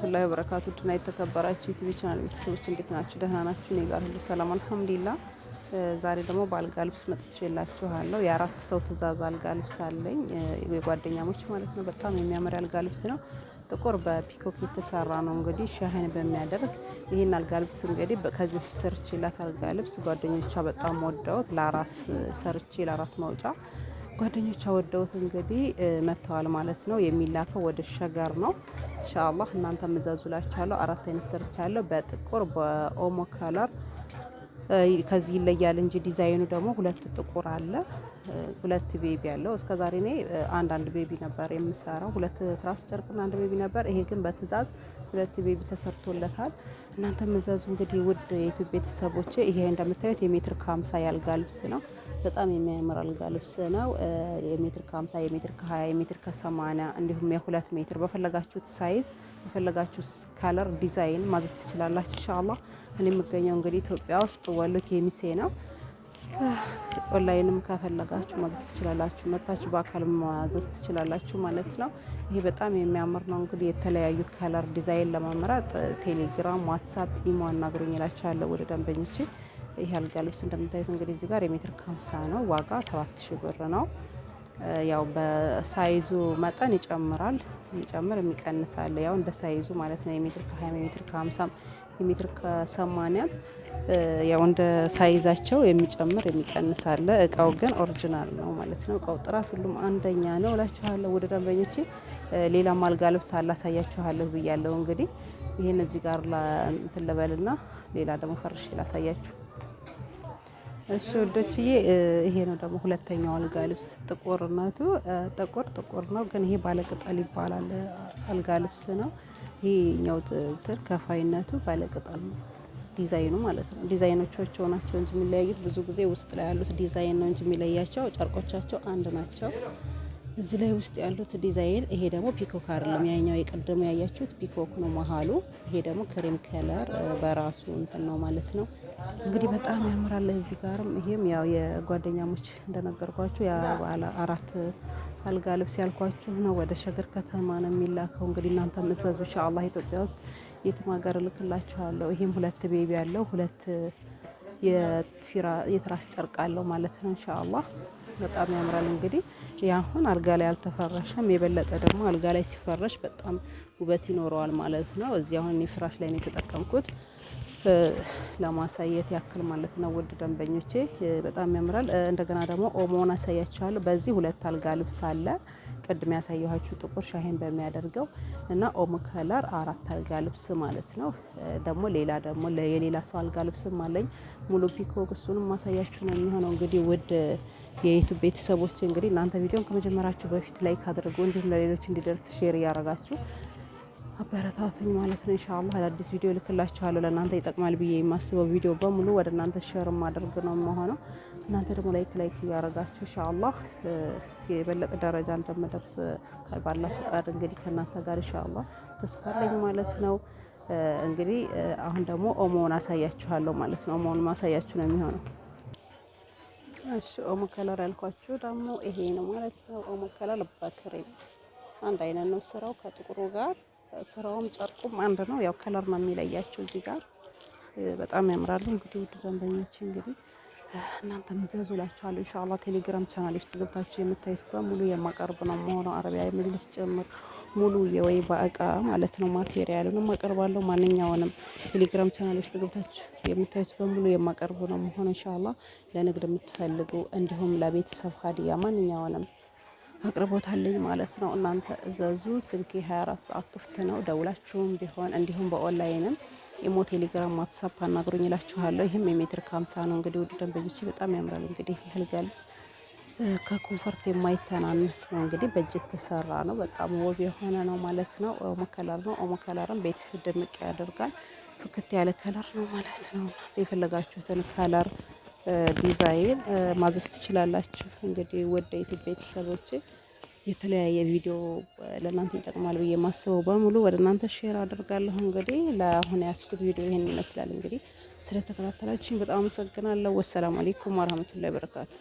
ወራህመቱላሂ ወበረካቱ ድና የተከበራችሁ ዩቲብ ቻናል ቤተሰቦች እንዴት ናችሁ? ደህና ናችሁ? እኔ ጋር ሁሉ ሰላም አልሐምዱሊላ። ዛሬ ደግሞ በአልጋ ልብስ መጥቼ የላችኋለሁ። የአራት ሰው ትእዛዝ አልጋ ልብስ አለኝ የጓደኛሞች ማለት ነው። በጣም የሚያምር አልጋ ልብስ ነው። ጥቁር በፒኮክ የተሰራ ነው። እንግዲህ ሻህን በሚያደርግ ይህን አልጋ ልብስ እንግዲህ ከዚህ በፊት ሰርቼላት አልጋ ልብስ ጓደኞቿ በጣም ወደውት ለአራስ ሰርቼ ለአራስ ማውጫ ጓደኞቿ ወደውት እንግዲህ መጥተዋል ማለት ነው። የሚላከው ወደ ሸገር ነው። ኢንሻአላህ እናንተ መዛዙላችኋለሁ። አራት አይነት ሰርቻለሁ በጥቁር በኦሞ ከለር ከዚህ ይለያል እንጂ ዲዛይኑ ደግሞ ሁለት ጥቁር አለ፣ ሁለት ቤቢ አለው። እስከ ዛሬ እኔ አንድ አንድ ቤቢ ነበር የምሰራው፣ ሁለት ትራስ ጨርቅና አንድ ቤቢ ነበር። ይሄ ግን በትእዛዝ ሁለት ቤቢ ተሰርቶለታል። እናንተ መዛዙ እንግዲህ ውድ የኢትዮ ቤተሰቦች፣ ይሄ እንደምታዩት የሜትር ከሀምሳ ያልጋ ልብስ ነው። በጣም የሚያምር አልጋ ልብስ ነው። የሜትር ከሀምሳ የሜትር ከሀያ የሜትር ከሰማንያ እንዲሁም የሁለት ሜትር በፈለጋችሁት ሳይዝ በፈለጋችሁት ከለር ዲዛይን ማዘዝ ትችላላችሁ። ኢንሻአላህ እኔ የምገኘው እንግዲህ ኢትዮጵያ ውስጥ ወሎ ኬሚሴ ነው። ኦንላይንም ከፈለጋችሁ ማዘዝ ትችላላችሁ። መታችሁ በአካል ማዘዝ ትችላላችሁ ማለት ነው። ይሄ በጣም የሚያምር ነው። እንግዲህ የተለያዩ ከለር ዲዛይን ለመምረጥ ቴሌግራም፣ ዋትሳፕ፣ ኢሞ አናግሩኝ እላችኋለሁ ወደ ደንበኞች። ይህ አልጋ ልብስ እንደምታዩት እንግዲህ እዚህ ጋር የሜትር ከምሳ ነው። ዋጋ ሰባት ሺ ብር ነው። ያው በሳይዙ መጠን ይጨምራል። የሚጨምር የሚቀንሳል፣ ያው እንደ ሳይዙ ማለት ነው። የሜትር ከ20 የሜትር ከ50 የሜትር ከ80 ያው እንደ ሳይዛቸው የሚጨምር የሚቀንሳለ። እቃው ግን ኦሪጂናል ነው ማለት ነው። እቃው ጥራት ሁሉም አንደኛ ነው እላችኋለሁ። ወደ ደንበኞቼ ሌላም አልጋ ልብስ አላሳያችኋለሁ ብያለሁ። እንግዲህ ይህን እዚህ ጋር እንትን ልበልና ሌላ ደግሞ ፈርሼ ላሳያችሁ እሺ ወዶችዬ ይሄ ነው ደግሞ ሁለተኛው አልጋ ልብስ ጥቁርነቱ ጥቁር ጥቁር ነው፣ ግን ይሄ ባለቅጠል ይባላል። አልጋ ልብስ ነው ይሄኛው። ትር ከፋይነቱ ባለቅጠል ነው ዲዛይኑ ማለት ነው። ዲዛይኖቻቸው ናቸው እንጂ የሚለያዩት ብዙ ጊዜ ውስጥ ላይ ያሉት ዲዛይን ነው እንጂ የሚለያቸው ጨርቆቻቸው አንድ ናቸው። እዚህ ላይ ውስጥ ያሉት ዲዛይን ይሄ ደግሞ ፒኮክ አይደለም። ያኛው የቀደሙ ያያችሁት ፒኮክ ነው መሀሉ። ይሄ ደግሞ ክሬም ከለር በራሱ እንትን ነው ማለት ነው። እንግዲህ በጣም ያምራል። እዚህ ጋርም ይሄም ያው የጓደኛሞች እንደነገርኳችሁ አራት አልጋ ልብስ ያልኳችሁ ነው። ወደ ሸገር ከተማ ነው የሚላከው። እንግዲህ እናንተ መዘዙ ኢንሻአላህ። ኢትዮጵያ ውስጥ የትም ሀገር እልክላችኋለሁ። ይሄም ሁለት ቤቢ ያለው ሁለት የትራስ ጨርቅ አለው ማለት ነው ኢንሻአላህ በጣም ያምራል። እንግዲህ ያሁን አልጋ ላይ አልተፈረሸም። የበለጠ ደግሞ አልጋ ላይ ሲፈረሽ በጣም ውበት ይኖረዋል ማለት ነው። እዚህ አሁን እኔ ፍራሽ ላይ ነው የተጠቀምኩት። ለማሳየት ያክል ማለት ነው። ውድ ደንበኞቼ በጣም ያምራል። እንደገና ደግሞ ኦሞን አሳያችኋለሁ። በዚህ ሁለት አልጋ ልብስ አለ። ቅድም ያሳየኋችሁ ጥቁር ሻሄን በሚያደርገው እና ኦሞ ከለር አራት አልጋ ልብስ ማለት ነው። ደግሞ ሌላ ደግሞ የሌላ ሰው አልጋ ልብስም አለኝ ሙሉ ፒኮክ፣ እሱንም ማሳያችሁ ነው የሚሆነው። እንግዲህ ውድ የዩቱብ ቤተሰቦች እንግዲህ እናንተ ቪዲዮን ከመጀመራችሁ በፊት ላይክ አድርጉ፣ እንዲሁም ለሌሎች እንዲደርስ ሼር እያደረጋችሁ አበረታቱኝ ማለት ነው። ኢንሻአላህ አዳዲስ ቪዲዮ ልክላችኋለሁ። ለእናንተ ይጠቅማል ብዬ የማስበው ቪዲዮ በሙሉ ወደ እናንተ ሼር ማድረግ ነው መሆነው። እናንተ ደግሞ ላይክ ላይክ እያረጋችሁ ኢንሻአላህ የበለጠ ደረጃ እንደምደርስ ባላ ፈቃድ እንግዲህ ከእናንተ ጋር ኢንሻአላህ ተስፋ አለኝ ማለት ነው። እንግዲህ አሁን ደግሞ ኦሞውን አሳያችኋለሁ ማለት ነው። ኦሞውን ማሳያችሁ ነው የሚሆነው። እሺ ኦሞ ከለር ያልኳችሁ ደግሞ ይሄ ነው ማለት ነው። ኦሞ ከለር በክሬም አንድ አይነት ነው ስራው ከጥቁሩ ጋር ስራውም ጨርቁም አንድ ነው። ያው ከለር ነው የሚለያቸው እዚህ ጋር በጣም ያምራሉ። እንግዲህ ውድ ደንበኞች እንግዲህ እናንተ ምዘዙ ላችኋለሁ። ኢንሻአላህ ቴሌግራም ቻናል ውስጥ ገብታችሁ የምታዩት በሙሉ የማቀርብ ነው መሆነው አረቢያ የምልስ ጭምር ሙሉ የወይባ እቃ ማለት ነው ማቴሪያሉንም አቀርባለሁ። ማንኛውንም ቴሌግራም ቻናል ውስጥ ገብታችሁ የምታዩት በሙሉ የማቀርብ ነው መሆነው ኢንሻአላህ ለንግድ የምትፈልጉ እንዲሁም ለቤተሰብ ሀዲያ ማንኛውንም አቅርቦታለኝ ማለት ነው። እናንተ እዘዙ። ስልክ 24 ሰዓት ክፍት ነው። ደውላችሁም ቢሆን እንዲሁም በኦንላይንም ኢሞ፣ ቴሌግራም፣ ዋትሳፕ አናግሩኝ ይላችኋለሁ። ይህም የሜትር ከሀምሳ ነው። እንግዲህ ውድ ደንበኞች በጣም ያምራል። እንግዲህ ይህል ልብስ ከኮንፈርት የማይተናነስ ነው። እንግዲህ በእጅ የተሰራ ነው። በጣም ውብ የሆነ ነው ማለት ነው። ኦሞ ከለር ነው። ኦሞ ከለርም ቤት ድምቅ ያደርጋል። ፍክት ያለ ከለር ነው ማለት ነው። የፈለጋችሁትን ከለር ዲዛይን ማዘዝ ትችላላችሁ። እንግዲህ ወደ ኢትዮጵያ ቤተሰቦቼ የተለያየ ቪዲዮ ለእናንተ ይጠቅማል ብዬ የማስበው በሙሉ ወደ እናንተ ሼር አድርጋለሁ። እንግዲህ ለአሁን ያስኩት ቪዲዮ ይህን ይመስላል። እንግዲህ ስለተከታተላችን በጣም አመሰግናለሁ። ወሰላሙ አሌይኩም ወረህመቱላሂ በረካቱ